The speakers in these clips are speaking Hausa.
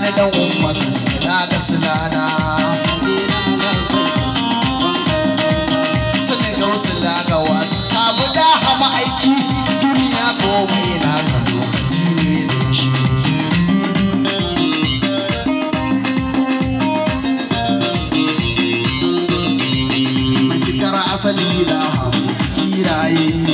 na dan masu na ga sulana suna ga wasu laga wasu kabu da hama aiki duniya komai na ka ne shi Mace asali da hamu kiraye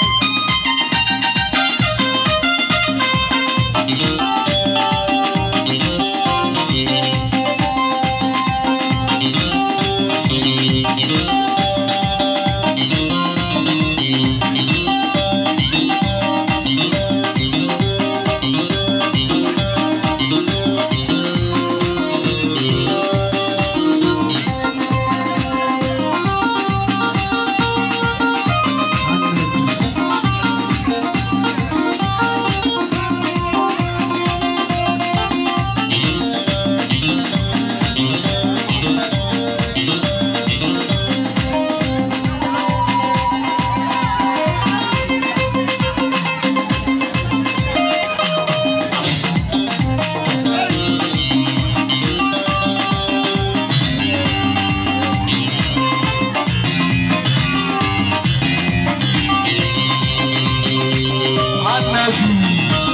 Bye.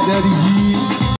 我的。